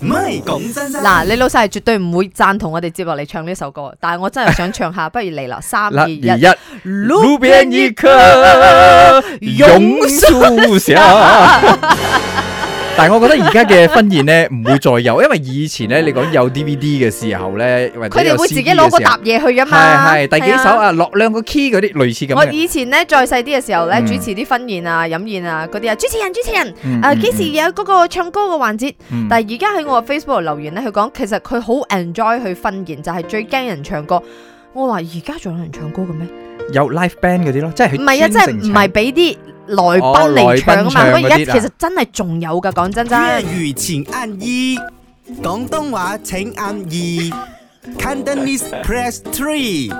唔係講真嗱，你老細係絕對唔會贊同我哋接落嚟唱呢首歌，但係我真係想唱下， 不如嚟啦，三二一。路邊一棵，榕樹下。但係我覺得而家嘅婚宴咧唔會再有，因為以前咧你講有 DVD 嘅時候咧，佢哋會自己攞個揼嘢去啊嘛。係係，第幾首啊，係啊，落兩個 key 嗰啲類似咁。我以前咧再細啲嘅時候咧，嗯、主持啲婚宴啊、飲宴啊嗰啲啊，主持人，主持人，誒、呃、幾時有嗰個唱歌嘅環節？嗯嗯嗯嗯，但係而家喺我嘅 Facebook 留言咧，佢講其實佢好 enjoy 去婚宴，就係、係、最驚人唱歌。我話而家仲有人唱歌嘅咩？有 live band 嗰啲咯，即係唔係啊？即係唔係俾啲？來賓嚟唱啊嘛，我而家其實真係仲有噶，講真真。如前按二，廣東話請按二。Cantonese press three，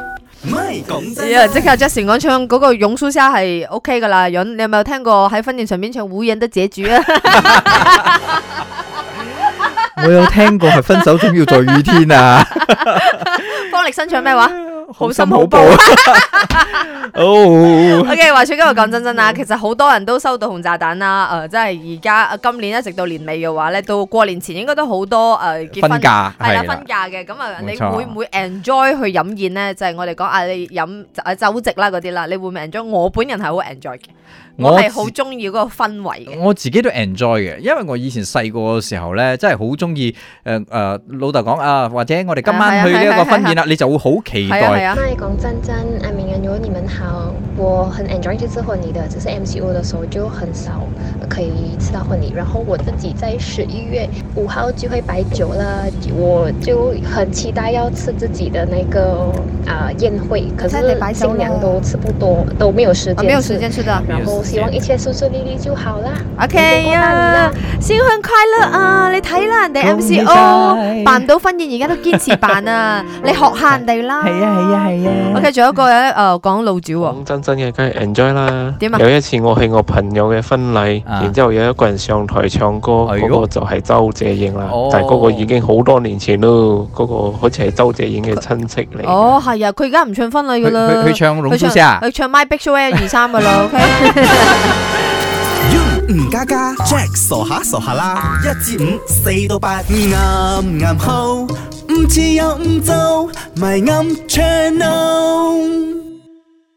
嗯。唔係廣即刻 Justin 講唱嗰個勇舒、OK《勇》。樹莎係 OK 噶啦，允你有冇聽過喺婚宴上面唱《無言的結局》？啊？我有聽過係分手總要在雨天啊 。方力申唱咩話？ 好心好報。哦。OK，華少今日講真真啦，其實好多人都收到紅炸彈啦。誒，即係而家今年一直到年尾嘅話咧，到過年前應該都好多誒結婚嫁係啦婚嫁嘅。咁啊，你會唔會 enjoy 去飲宴咧？就係我哋講啊，你飲啊酒席啦嗰啲啦，你會唔會 enjoy？我本人係好 enjoy 嘅，我係好中意嗰個氛圍嘅。我自己都 enjoy 嘅，因為我以前細個嘅時候咧，真係好中意誒誒老豆講啊，或者我哋今晚去呢一個婚宴啦，你就會好期待。嗨，啊！ 講真真，阿明、阿牛，你們好，我很 enjoy 呢次婚禮的。只是 M C O 的時候就很少可以吃到婚禮，然後我自己在十一月五號就會擺酒啦，我就很期待要吃自己的那個啊宴會。可是新娘都吃不多，都沒有時間，沒有時間吃的。然後希望一切順順利利就好啦。OK 呀，新婚快樂啊！你睇啦，人哋 M C O 辦唔到婚宴，而家都堅持辦啊！ 你學下人哋啦。 係啊，OK，仲有一個咧，誒、 呃，講老趙喎、哦，講真真嘅梗係 enjoy 啦。點啊？有一次我去我朋友嘅婚禮，啊、然之後有一個人上台唱歌，嗰、啊、個就係周謝英啦，哦、但係嗰個已經好多年前咯，嗰、嗰個好似係周謝英嘅親戚嚟。哦，係啊，佢而家唔唱婚禮噶啦，佢唱老小啊，佢唱，唱 My Big Show One Two Three 啊啦，OK。 唔加、嗯、家，家，Jack 傻下傻下啦，啊、一至五，四到八，啱啱、嗯嗯嗯、好，唔遲又唔早，咪啱 channel 咯。